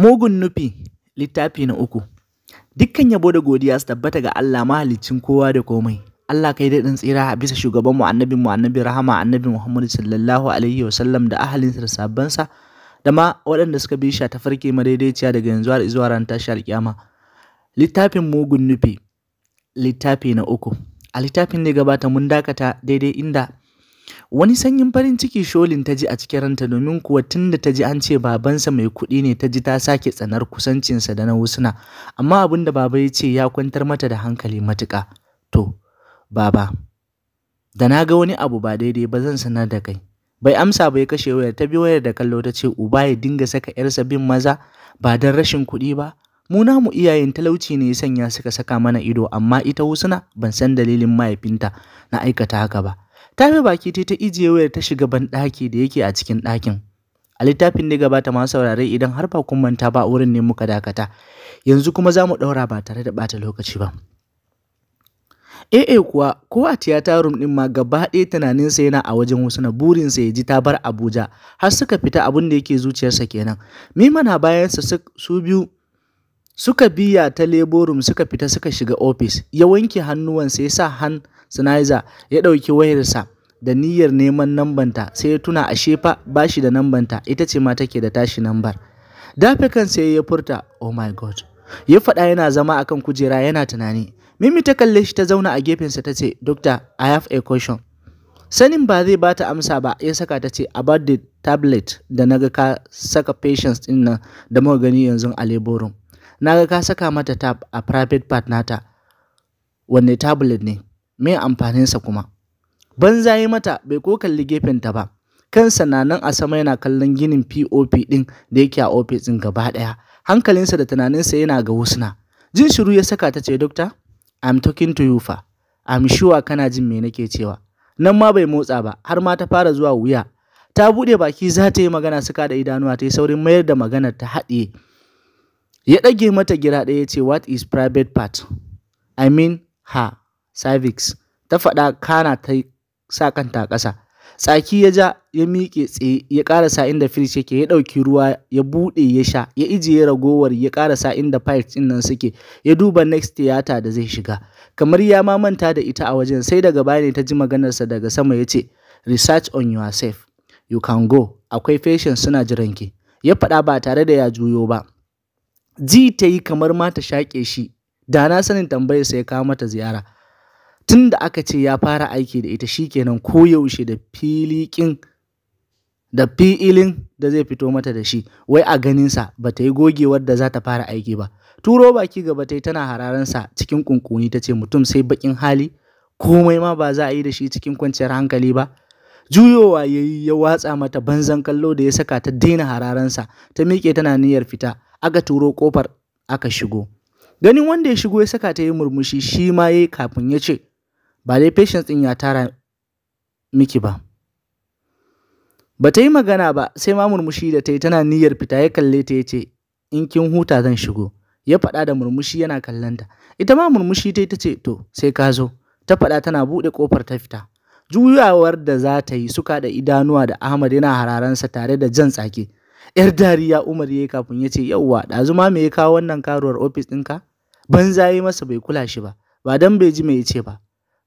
Mugun nufi littafi na uku Dukkan yabo da godiya su tabbata ga Allah mahalicin kowa da komai. Allah kai daɗin tsira a bisa shugabanmu mu annabi rahama annabi Muhammadu sallallahu alaihi wasallam da ahalinsa da sabbansa da ma waɗanda suka bi shi ta farke madaidaiciya daga yanzu har zuwa ran tashi alƙiyama. Littafin mugun nufi littafi na uku. A littafin ne gabata mun dakata daidai inda Wani sanyin farin ciki Sholin ta ji a cikin ranta domin kuwa tun da ta ji an ce babansa mai kuɗi ne ta ji ta sake tsanar kusancinsa da na Husna, amma abin da baba ya ce ya kwantar mata da hankali matuka. To, baba, da na ga wani abu ba daidai ba zan sanar da kai. Bai amsa bai kashe wayar ta bi wayar da kallo ta ce uba ya dinga saka ‘yarsa bin maza ba don rashin kuɗi ba. Mu namu iyayen talauci ne ya sanya suka saka mana ido amma ita Husna ban san dalilin mahaifinta na aikata haka ba. ta fi baki ta ta ijiye wayar ta shiga banɗaki da yake a cikin ɗakin a littafin ne gabata masu saurare idan har ba kun manta ba wurin ne muka dakata yanzu kuma za mu ɗaura ba tare da ɓata lokaci ba AA eh, eh kuwa ko a tiyata room ɗin ma gaba ɗaya tunaninsa yana a wajen wasu na burinsa ya ji ta bar Abuja har suka fita abin da yake zuciyarsa kenan. Mima na bayansa su biyu suka biya ta lebo suka fita suka shiga ofis ya wanke hannuwansa ya sa hannu. Sinizer ya ɗauki wayarsa da niyyar neman lambanta sai ya tuna ashe fa ba shi da lambanta ita ce ma take da tashi lambar. Dafe sai ya furta oh my god ya faɗa yana zama akan kujera yana tunani. Mimi ta kalle shi ta zauna a gefensa ta ce doctor I have a question. Sanin ba zai bata amsa ba ya saka ta ce about the tablet da naga ka saka patients din nan da muka gani yanzu a labor room. Naga ka saka mata tab a private part nata. Wanne tablet ne? me amfaninsa kuma banza yi mata bai ko kalli gefenta ba kansa na nan a sama yana kallon ginin pop ɗin da yake a ofis ɗin gaba ɗaya hankalinsa da tunaninsa yana ga husna jin shiru ya saka ta ce dokta i'm talking to you fa i'm sure kana jin me nake cewa nan ma bai motsa ba har ma ta fara zuwa wuya ta buɗe baki za ta yi magana suka da idanuwa ta yi saurin mayar da maganar ta haɗiye ya ɗage mata gira ɗaya ya ce what is private part i mean her cervix ta faɗa kana ta sa kanta ƙasa tsaki ya ja ya miƙe tsaye ya ƙarasa inda fridge yake ya ɗauki ruwa ya buɗe ya sha ya ijiye ragowar ya ƙarasa inda pipes ɗin nan suke ya duba next theater da zai shiga kamar ya ma manta da ita a wajen sai daga baya ne ta ji maganarsa daga sama ya ce research on yourself you can go akwai fashion suna jiran ki ya faɗa ba tare da ya juyo ba ji ta yi kamar ma ta shaƙe shi da na sanin tambayarsa ya kawo mata ziyara tun da aka ce ya fara aiki da ita shikenan koyaushe da filikin da fi'ilin da zai fito mata da shi wai a ganinsa ba ta yi gogewar da za ta fara aiki ba turo baki gaba ta yi tana hararansa cikin kunkuni ta ce mutum sai bakin hali komai ma ba za a yi da shi cikin kwanciyar hankali ba juyowa ya yi ya watsa mata banzan kallo da ya saka ta daina hararansa ta miƙe tana niyyar fita aka turo kofar aka shigo ganin wanda ya shigo ya saka ta yi murmushi shi ma ya yi kafin ya ce ba dai patience ɗin ya tara miki ba ba ta yi magana ba sai ma murmushi da ta yi tana niyyar fita ya kalle ta ya ce in kin huta zan shigo ya faɗa da murmushi yana ta ita ma murmushi ta ta ce to sai ka zo ta faɗa tana buɗe ƙofar ta fita juyawar da za ta yi suka da idanuwa da ahmad yana hararansa tare da jan tsake yar dariya umar ya kafin ya ce yauwa ɗazu ma me ya kawo wannan karuwar ofis ɗinka banza yi masa bai kula shi ba ba dan bai ji me ya ce ba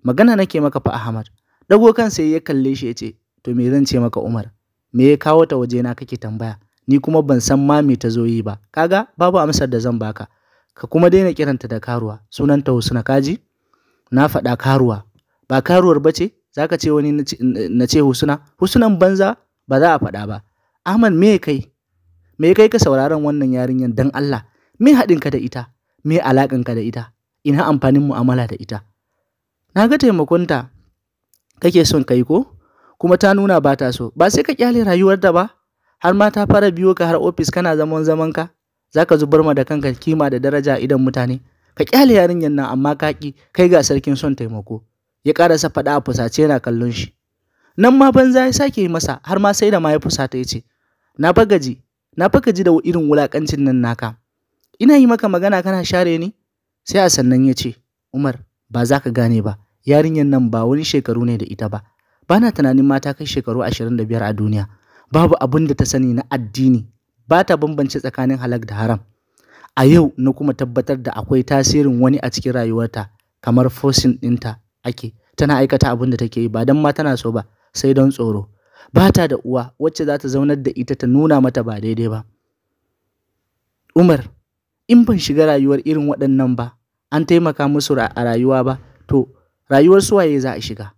Magana nake maka fa Ahmad. Dago kan sai ya kalle shi yace, To me zan ce maka Umar? Me ya kawo ta waje na kake tambaya? Ni kuma ban san ma me ta zo yi ba. Kaga babu amsar da zan baka. Ka kuma daina kiranta da karuwa. Sunanta Husna kaji? Na faɗa karuwa. Ba karuwar ba ce? Za ce wani na ce Husna? Husnan banza ba za a faɗa ba. Ahmad me kai? Me kai ka sauraron wannan yarinyar dan Allah? Me haɗinka da ita? Me alaƙanka da ita? Ina amfanin mu'amala da ita? na ga taimakonta kake son kai ko kuma ta nuna ba ta so ba sai ka kyale rayuwar da ba har ma ta fara biyo ka har ofis kana zaman zaman ka zaka zubar ma da kanka kima da daraja idan mutane ka kyale yarinyar nan amma ka ki kai ga sarkin son taimako ya karasa faɗa a fusace yana kallon shi nan ma banza ya sake yi masa har ma sai da ma ya fusata ya ce na bagaji na da irin wulakancin nan naka ina yi maka magana kana share ni sai a sannan ya ce umar ba za ka gane ba yarinyar nan ba wani shekaru ne da ita ba bana tunanin mata kai shekaru 25 a duniya babu abin da ta sani na addini ba ta bambance tsakanin halak da haram a yau na kuma tabbatar da akwai tasirin wani a cikin rayuwarta kamar forcing ɗinta ake tana aikata abin da take yi ba don ma tana so ba sai don tsoro ba ta da uwa wacce za ta zaunar da ita ta nuna mata ba daidai ba umar in ban shiga rayuwar irin waɗannan ba an taimaka musu a rayuwa ba to rayuwar su waye za a shiga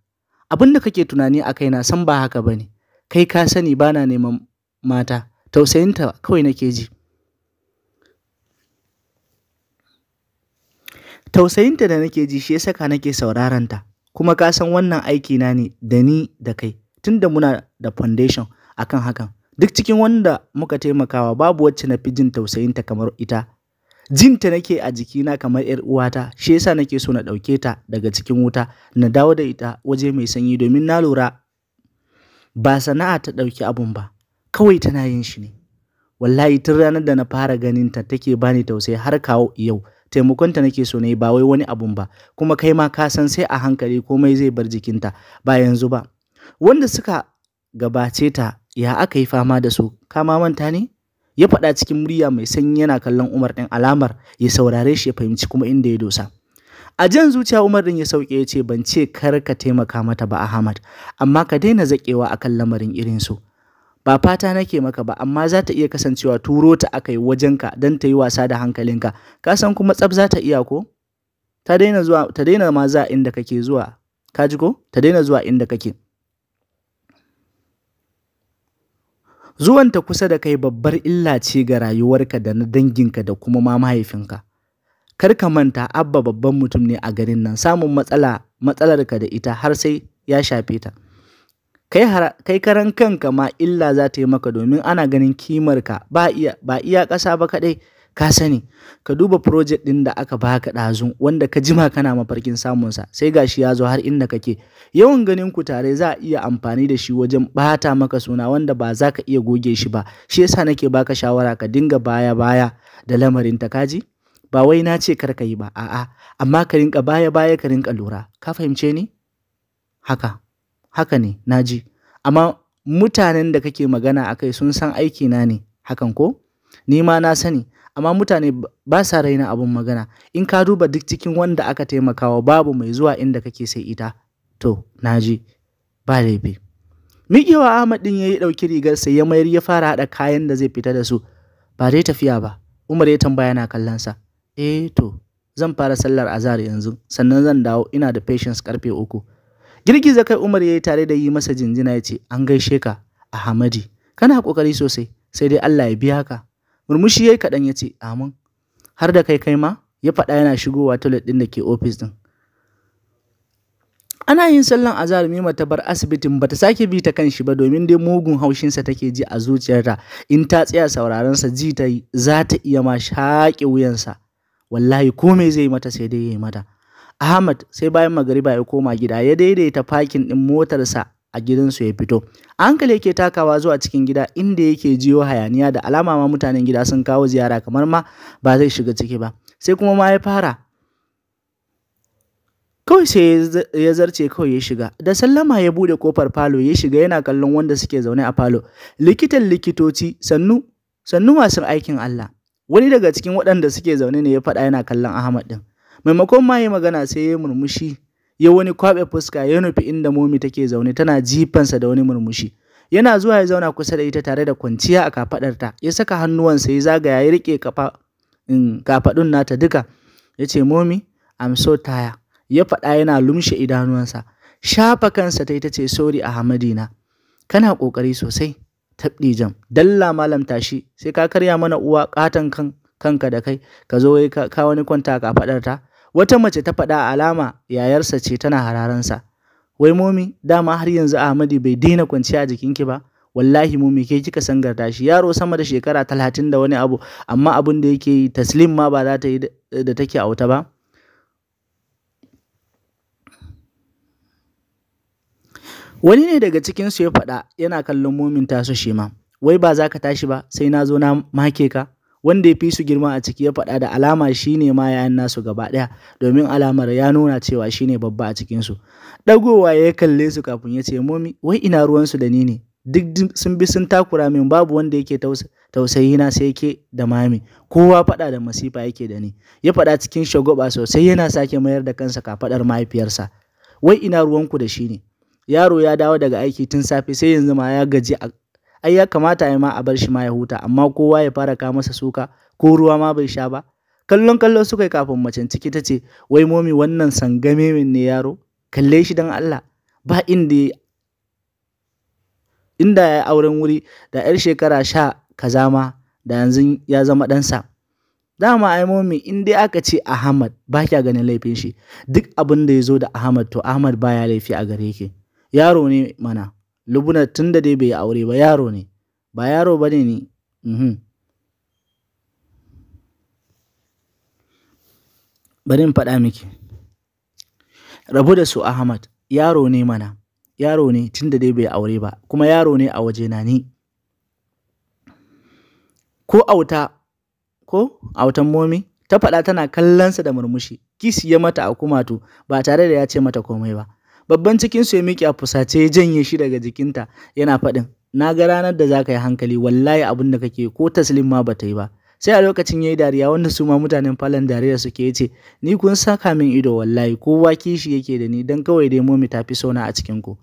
abin da kake tunani a kaina san ba haka ba ne kai ka sani ba na neman mata tausayinta kawai nake ji tausayinta da nake ji shi ya saka nake sauraranta kuma ka san wannan aiki na ne da ni da kai tun da muna da foundation akan hakan duk cikin wanda muka taimakawa babu wacce na fi jin tausayinta kamar ita jinta nake a jikina kamar ‘yar uwata shi yasa nake so na ɗauke ta daga cikin wuta na dawo da ita waje mai sanyi domin na lura ba sana'a ta ɗauki abun ba kawai tana yin shi ne wallahi tun ranar da na fara ganin ta take bani tausayi har kawo yau taimakonta nake so ne ba wai wani abun ba kuma kai ma ka san sai a hankali komai zai bar jikinta ba yanzu ba wanda suka gabace ta ya aka yi fama da su kama manta ne ya faɗa cikin murya mai sanyi yana kallon Umar ɗin alamar ya saurare shi ya fahimci kuma inda ya dosa. A jan zuciya Umar ɗin ya sauke ya ce ban ce kar ka taimaka mata ba Ahmad amma ka daina zaƙewa akan lamarin irin su. Ba fata nake maka ba amma za ta iya kasancewa turo ta aka yi wajenka don ta yi wasa da hankalinka ka san kuma tsaf za ta iya ko? ta daina ma za inda kake zuwa ka ji ko? Ta daina zuwa inda kake. Zuwanta kusa da kai babbar illa ce ga rayuwarka da na danginka da kuma ma mahaifinka. Kar ka manta Abba babban mutum ne a garin nan samun matsala matsalarka da ita har sai ya shafe ta. Kai karan kanka ma illa za ta yi maka domin ana ganin kimarka ba iya ba iya ƙasa ba kaɗai ka sani ka duba project din da aka baka ɗazu wanda ka jima kana mafarkin samun sa sai gashi ya zo har inda kake yawan ganin ku tare za a iya amfani da shi wajen ɓata maka suna wanda ba za ka iya goge shi ba shi yasa nake baka shawara ka dinga baya baya da lamarin ta kaji ba wai na ce kar ka yi ba a'a amma ka rinka baya baya ka rinka lura ka fahimce ni haka haka ne naji amma mutanen da kake magana akai sun san aiki na ne hakan ko ni ma na sani amma mutane ba sa raina abin magana in ka duba duk cikin wanda aka taimakawa babu mai zuwa inda kake sai ita to naji ba laifi miƙewa ahmad din ya yi ɗauki rigar sai ya mayar ya fara haɗa kayan da zai fita da su ba dai tafiya ba umar ya tambaya na kallon sa. eh to zan fara sallar azhar yanzu sannan zan dawo ina da patience karfe uku girgiza kai umar ya yi tare da yi masa jinjina ya ce an gaishe ka ahmadi kana kokari sosai sai dai allah ya biya ka Murmushi ya yi kaɗan ya ce, Amin, har da kai kai ma? Ya faɗa yana shigowa toilet ɗin da ke ofis ɗin. Ana yin sallan azhar Mima ta bar asibitin bata sake bi ta kan shi ba domin dai mugun haushinsa take ji a zuciyarta in ta tsaya sauraron sa ji ta za ta iya ma shaƙe wuyansa wallahi komai zai mata sai dai yayi mata Ahmad sai bayan magariba ya koma gida ya daidaita fakin ɗin motarsa a gidansu ya fito a hankali yake takawa zuwa cikin gida inda yake jiyo hayaniya da alama ma mutanen gida sun kawo ziyara kamar ma ba zai shiga ciki ba sai kuma ma ya fara kawai sai ya zarce kawai ya shiga da sallama ya bude kofar falo ya shiga yana kallon wanda suke zaune a falo likitan likitoci sannu sannu masu aikin Allah wani daga cikin waɗanda suke zaune ne ya faɗa yana kallon Ahmad din maimakon ma ya magana sai ya murmushi ya wani kwaɓe fuska ya nufi inda momi take zaune tana jifansa da wani murmushi yana zuwa ya zauna kusa da ita tare da kwanciya a kafaɗarta ya saka hannuwansa ya zagaya ya riƙe kafaɗun nata duka ya ce momi i'm so tired ya faɗa yana lumshe idanuwansa shafa kansa ta ita ce sori a hamadina kana ƙoƙari sosai tabɗi jam dalla malam tashi sai ka karya mana uwa katan kan kanka da kai ka zo ka wani kwanta kafaɗarta faɗar Wata mace ta faɗa alama yayarsa ce tana hararansa. Wai momi dama har yanzu Ahmadi bai daina kwanciya a jikinki ba. Wallahi momi ke kika sangarta shi yaro sama da shekara talatin da wani abu amma abin da yake yi taslim ma ba za ta yi da take auta ba. Wani ne daga cikinsu ya faɗa yana kallon momin taso shi ma. Wai ba za ka tashi ba sai na zo na make ka. wanda ya fi su girma a ciki ya faɗa da alama shine ma yayan nasu gaba ɗaya domin alamar ya nuna cewa shine babba a cikinsu ɗagowa ya kalle su kafin ya ce momi wai ina ruwansu da ni ne duk sun bi sun takura min babu wanda yake tausayi na sai ke da mami kowa faɗa da masifa yake da ni ya faɗa cikin shagoba sosai yana sake mayar da kansa kafaɗar mahaifiyarsa wai ina ruwanku da shi ne yaro ya dawo daga aiki tun safe sai yanzu ma ya gaji ai ya kamata ai ma a bar shi ma ya huta amma kowa ya fara ka masa suka ko ruwa ma bai sha ba kallon kallo suka yi kafin macen ciki ta ce wai momi wannan sangame min ne yaro kalle shi don Allah ba inda inda ya auren wuri da yar shekara sha kaza ma da yanzu ya zama ɗansa dama ai momi in dai aka ce Ahmad ba kya ganin laifin shi duk abin da ya zo da Ahmad to Ahmad baya laifi a gare ki yaro ne mana lubuna tun da dai bai aure ba yaro ne ba yaro ba ne ni mhm. bari in faɗa miki rabu da su ahmad yaro ne mana yaro ne tun da dai bai aure ba kuma yaro ne a waje na ni ko auta ko autan momi ta faɗa tana kallonsa da murmushi kis ya mata a kumatu ba tare da ya ce mata komai ba babban cikinsu ya miƙe a fusace ya janye shi daga jikinta yana faɗin na ga ranar da za ka yi hankali wallahi abin da kake ko taslim ma bata yi ba sai a lokacin ya yi dariya wanda su ma mutanen falon dariya suke ce ni kun saka min ido wallahi kowa kishi yake da ni don kawai dai momi ta fi sona a cikin ku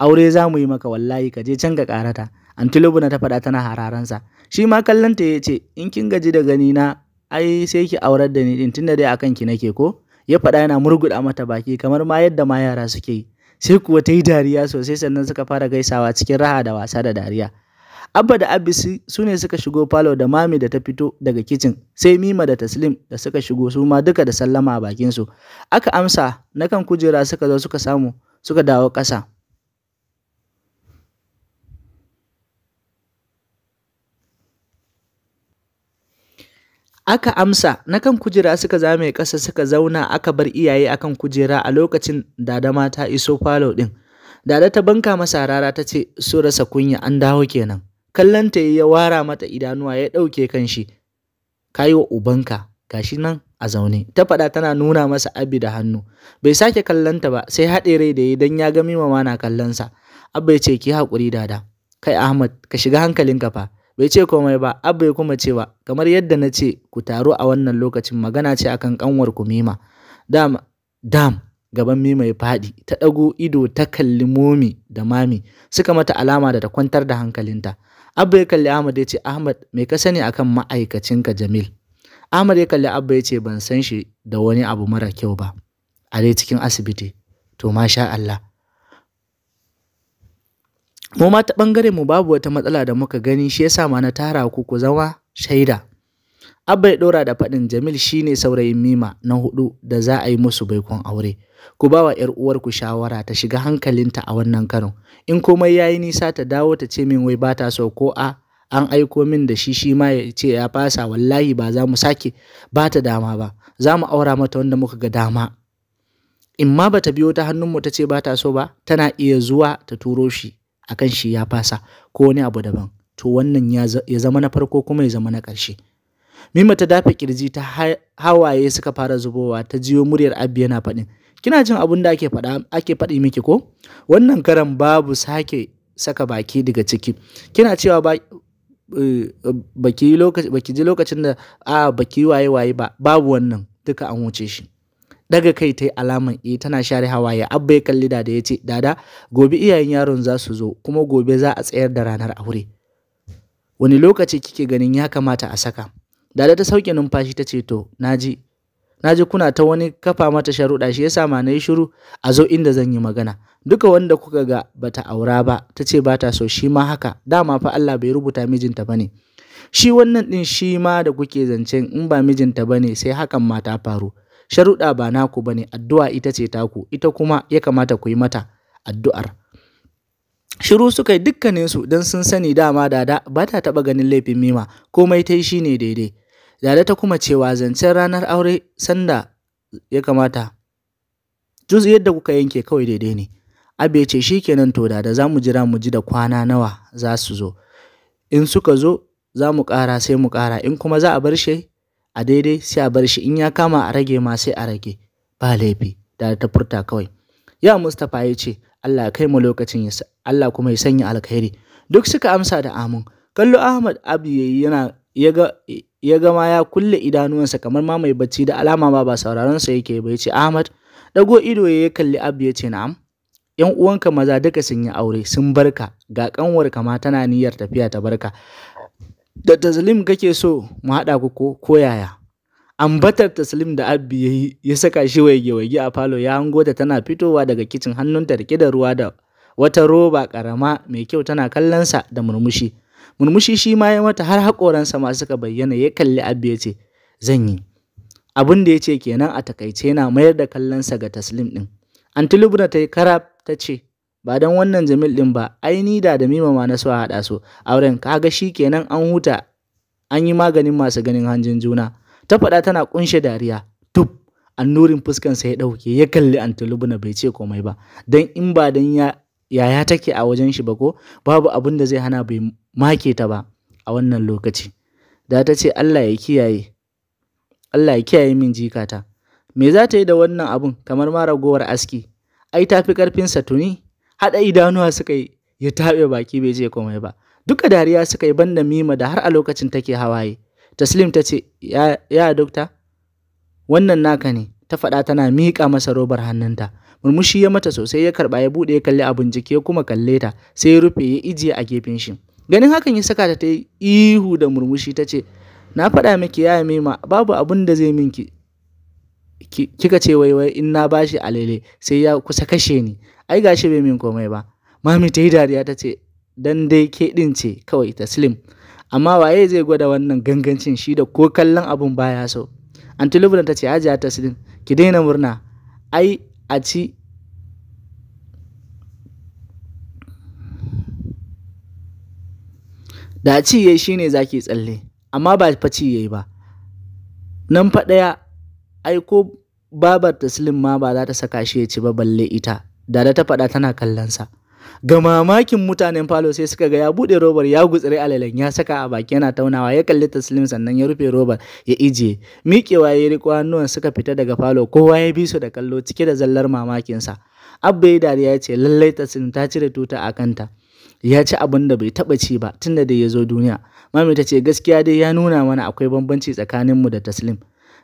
aure za mu yi maka wallahi ka je can ka karata antilobu na ta faɗa tana hararansa shi ma kallonta ya ce in kin gaji da gani na ai sai ki aurar da ni din tunda dai akan ki nake ko ya faɗa yana murguɗa mata baki kamar ma yadda ma yara suke yi sai kuwa ta yi dariya sosai sannan suka fara gaisawa cikin raha da wasa da dariya abba da abbi su ne suka shigo falo da mami da ta fito daga kicin sai mima da taslim da suka shigo su ma duka da sallama a bakinsu aka amsa na kan kujera suka zo suka samu suka dawo ƙasa Aka amsa na kan kujera suka zame ƙasa suka zauna aka bar iyaye akan kujera a lokacin dadama ta iso falo ɗin. Dada ta banka masa rara ta ce so rasa kunya an dawo kenan. Kallon ta ya wara mata idanuwa ya ɗauke kanshi, shi. Kayi wa ubanka gashi nan a zaune ta faɗa tana nuna masa abi da hannu bai sake kallon ta ba sai haɗe rai da yi don ya ga mimama na sa. abba ya ce ki haƙuri dada kai ahmad ka shiga hankalinka fa bai ce komai ba abba ya kuma cewa kamar yadda na ce ku taru a wannan lokacin magana ce akan kanwar ku mima dam dam gaban mima ya faɗi ta ɗago ido ta kalli momi da mami suka mata alama da ta kwantar da hankalinta abba ya kalli ahmad ya ce ahmad me ka sani akan ma'aikacinka jamil ahmad ya kalli abba ya ce ban san shi da wani abu mara kyau ba a dai cikin asibiti to masha allah mu ma ta ɓangaren mu babu wata matsala da muka gani shi yasa ma na tara ku ku zama shaida abba ya ɗora da faɗin jamil shine saurayin mima na hudu da za a yi musu baikon aure ku ba wa ‘yar ku shawara ta shiga hankalinta a wannan karon in komai ya yi nisa ta dawo ta ce min wai ba ta so ko a an aiko min da shi shi ma ya ce ya fasa wallahi ba za mu sake ba ta dama ba za mu aura mata wanda muka ga dama in ma ba ta biyo ta hannunmu ta ce ba ta so ba tana iya zuwa ta turo shi akan shi ya fasa ko wani abu daban to wannan ya zama na farko kuma ya zama na ƙarshe mimma ta dafe kirji ta hawaye suka fara zubowa ta jiyo muryar abbi yana faɗin kina jin abun da ake faɗa ake faɗi miki ko wannan karan babu sake saka baki daga ciki kina cewa ba eh, baki ji lokacin da a ah, baki waye waye ba babu wannan duka an wuce shi daga kai ta yi alaman e tana share hawaye abba ya kalli dada ya ce dada gobe iyayen yaron za su zo kuma gobe za a tsayar da ranar aure wani lokaci kike ganin ya kamata a saka dada ta sauke numfashi ta ce to naji naji kuna ta wani kafa mata sharuɗa shi yasa ma yi shiru a zo inda zan yi magana duka wanda kuka ga bata aura ba ta ce bata so shi ma haka dama fa Allah bai rubuta mijinta bane shi wannan din shi ma da kuke zancen in ba mijinta bane sai hakan ma ta faru sharuɗa ba naku bane addu'a ita ce taku ita kuma ya kamata ku yi mata addu'ar shiru suka yi dukkaninsu don sun sani dama dada ba ta taɓa ganin laifin mima komai ta yi shi ne daidai dada ta kuma cewa zancen ranar aure sanda ya kamata juz yadda kuka yanke kawai daidai ne abe ce shi kenan to dada za mu jira mu ji da kwana nawa za su zo in suka zo za mu ƙara sai mu ƙara in kuma za a bar shi a daidai sai a bar shi in ya kama a rage ma sai a rage ba laifi da ta furta kawai ya mustapha ya ce allah ya kai mu lokacin ya allah kuma ya sanya alkhairi duk suka amsa da amin kallo ahmad abu yana ya gama ya kulle idanuwansa kamar ma mai bacci da alama ba ba sauraron sa yake bai ce Ahmad dago ido ya kalli Abu yace na'am yan uwanka maza duka sun yi aure sun barka ga kanwarka ma tana niyyar tafiya ta barka da taslim kake so mu haɗa ku ko koyaya ambatar taslim da abbi ya yi ya saka shi waige-waige a falo ya hango ta tana fitowa daga kicin hannunta rike da ruwa da wata roba karama mai kyau tana kallonsa da murmushi murmushi shi ma ya mata har haƙoransa ma suka bayyana ya kalli abbi ya ce zan yi abin da ya ce kenan a takaice yana mayar da kallonsa ga taslim ɗin antilubna ta yi karab ta ce ba dan wannan Jamil din ba ai ni da da mimama na so a haɗa su auren kaga shi kenan an huta an yi maganin masu ganin hanjin juna ta faɗa tana kunshe dariya tub annurin sa ya ɗauke ya kalli antilubuna bai ce komai ba dan in ba dan ya yaya take a wajen shi ba ko babu abin da zai hana bai make ta ba a wannan lokaci da ta ce Allah ya kiyaye Allah ya kiyaye min jikata me za ta yi da wannan abun kamar ma ragowar aski ai ta fi sa tuni haɗa idanuwa suka yi ya taɓe baki bai je komai ba duka dariya suka yi banda mima da har a lokacin take hawaye taslim ta ce ya, ya dokta wannan naka ne ta faɗa tana miƙa masa robar hannunta murmushi ya mata sosai ya karɓa ya buɗe ya kalli abun jiki ya kuma kalle ta sai ya rufe ya ijiye a gefen shi ganin hakan ya saka ta ta yi ihu da murmushi ta ce na faɗa miki ya mima babu abin da zai minki kika ce wai wai in na bashi alele sai ya kusa kashe ni ai gashi bai min komai ba mami ta yi dariya ta ce dan dai ke din ce kawai taslim amma waye zai gwada wannan gangancin shi da ko kallon abun baya so anti lubna ta ce hajiya taslim ki daina murna ai a ci da ci yayi shine zaki tsalle amma ba fa ci yayi ba nan fa daya ai ko babar taslim ma ba za ta saka shi ya ci ba balle ita da da ta faɗa tana kallon sa. ga mamakin mutanen falo sai suka ga ya buɗe robar ya gutsire alalen ya saka a baki yana taunawa ya kalli taslim sannan ya rufe robar ya ijiye miƙewa ya riƙo hannuwan suka fita daga falo kowa ya bi su da kallo cike da zallar sa. abba ya dariya ya ce lallai taslim ta cire tuta a kanta ya ci abin da bai taɓa ci ba tunda da ya zo duniya mami ta ce gaskiya dai ya nuna mana akwai bambanci tsakaninmu da taslim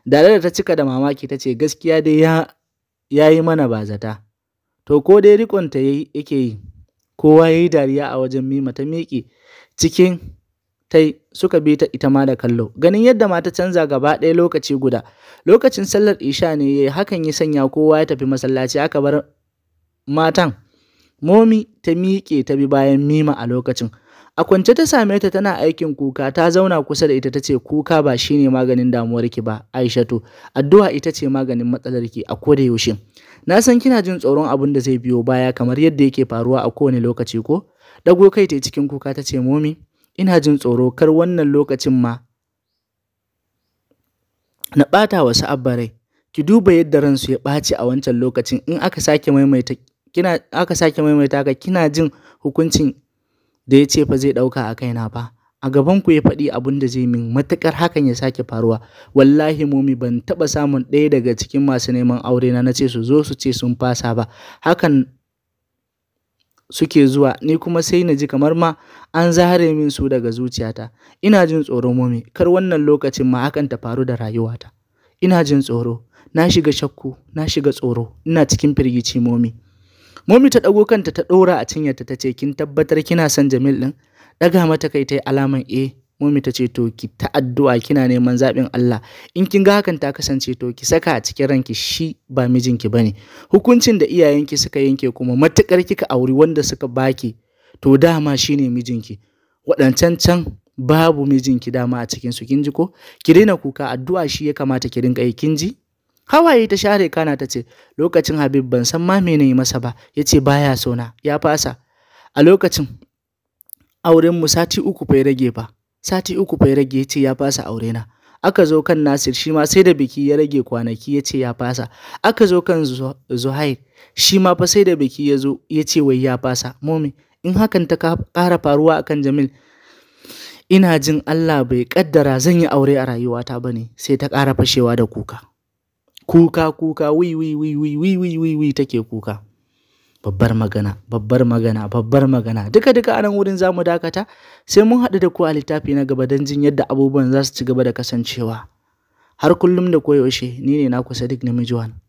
da da ta cika da mamaki ta ce gaskiya dai ya yi mana bazata. To ko dai rikonta yake yi, kowa ya yi dariya a wajen mima ta miƙe cikin tai suka bi ta ita ma da kallo. Ganin yadda mata canza gaba ɗaya lokaci guda, lokacin sallar isha ne ya hakan ya sanya kowa ya tafi masallaci aka bar matan. Momi ta miƙe ta bi bayan mima a lokacin. A kwance ta same ta tana aikin kuka, ta zauna kusa da ita ta ce kuka ba shine maganin damuwarki ba, Aishatu. Addu'a ita ce maganin matsalarki a koda yaushe. Na san kina jin tsoron abin da zai biyo baya kamar yadda yake faruwa a kowane lokaci ko? Dago kai ta cikin kuka ta ce momi, ina jin tsoro kar wannan lokacin ma na ɓata wa sa'abba Ki duba yadda ransu ya ɓaci a wancan lokacin in aka sake maimaita kina aka sake maimaita ka kina jin hukuncin da ya ce fa zai ɗauka a kaina ba, a gaban ku ya faɗi abun da zai min matuƙar hakan ya sake faruwa wallahi momi ban taɓa samun ɗaya daga cikin masu neman aure na na ce su zo su ce sun fasa ba hakan suke zuwa ni kuma sai na ji kamar ma an zare min su daga zuciyata ina jin tsoro momi kar wannan lokacin ma hakan ta faru da rayuwata ina jin tsoro na shiga shakku na shiga tsoro ina cikin firgici momi Momi ta ɗago kanta ta ɗora a cinyarta ta ce kin tabbatar kina son Jamil ɗin? Ɗaga mata kai ta yi alaman E. Momi ta ce to ki ta addu'a kina neman zaɓin Allah. In kin ga hakan ta kasance to ki saka a cikin ranki shi ba mijinki bane. Hukuncin da iyayenki suka yanke kuma matuƙar kika auri wanda suka baki to dama shine mijinki. Waɗancan can babu mijinki dama a cikinsu su kin ji ko? Ki daina kuka addu'a shi ya kamata ki rinka yi kin ji? hawaye ta share kana ta ce lokacin habib ban san ma me yi masa ba ya ce baya sona ya fasa a lokacin auren mu sati uku fa rage ba sati uku fa rage ya ce ya fasa aure na aka zo kan Nasir shi ma sai da biki ya rage kwanaki ya ce ya fasa aka zo kan Zuhair shi ma fa sai da biki ya zo ya ce wai ya fasa momi in hakan ta ƙara faruwa akan Jamil ina jin Allah bai kaddara zan yi aure a rayuwata bane sai ta ƙara fashewa da kuka kuka kuka wii wii wii wii wii wii wii wii take kuka babbar magana babbar magana babbar magana duka duka anan wurin zamu dakata sai mun haɗu da ku a littafi na gaba don jin yadda abubuwan za su ci gaba da kasancewa har kullum da koyaushe ni ne naku Sadiq Namiji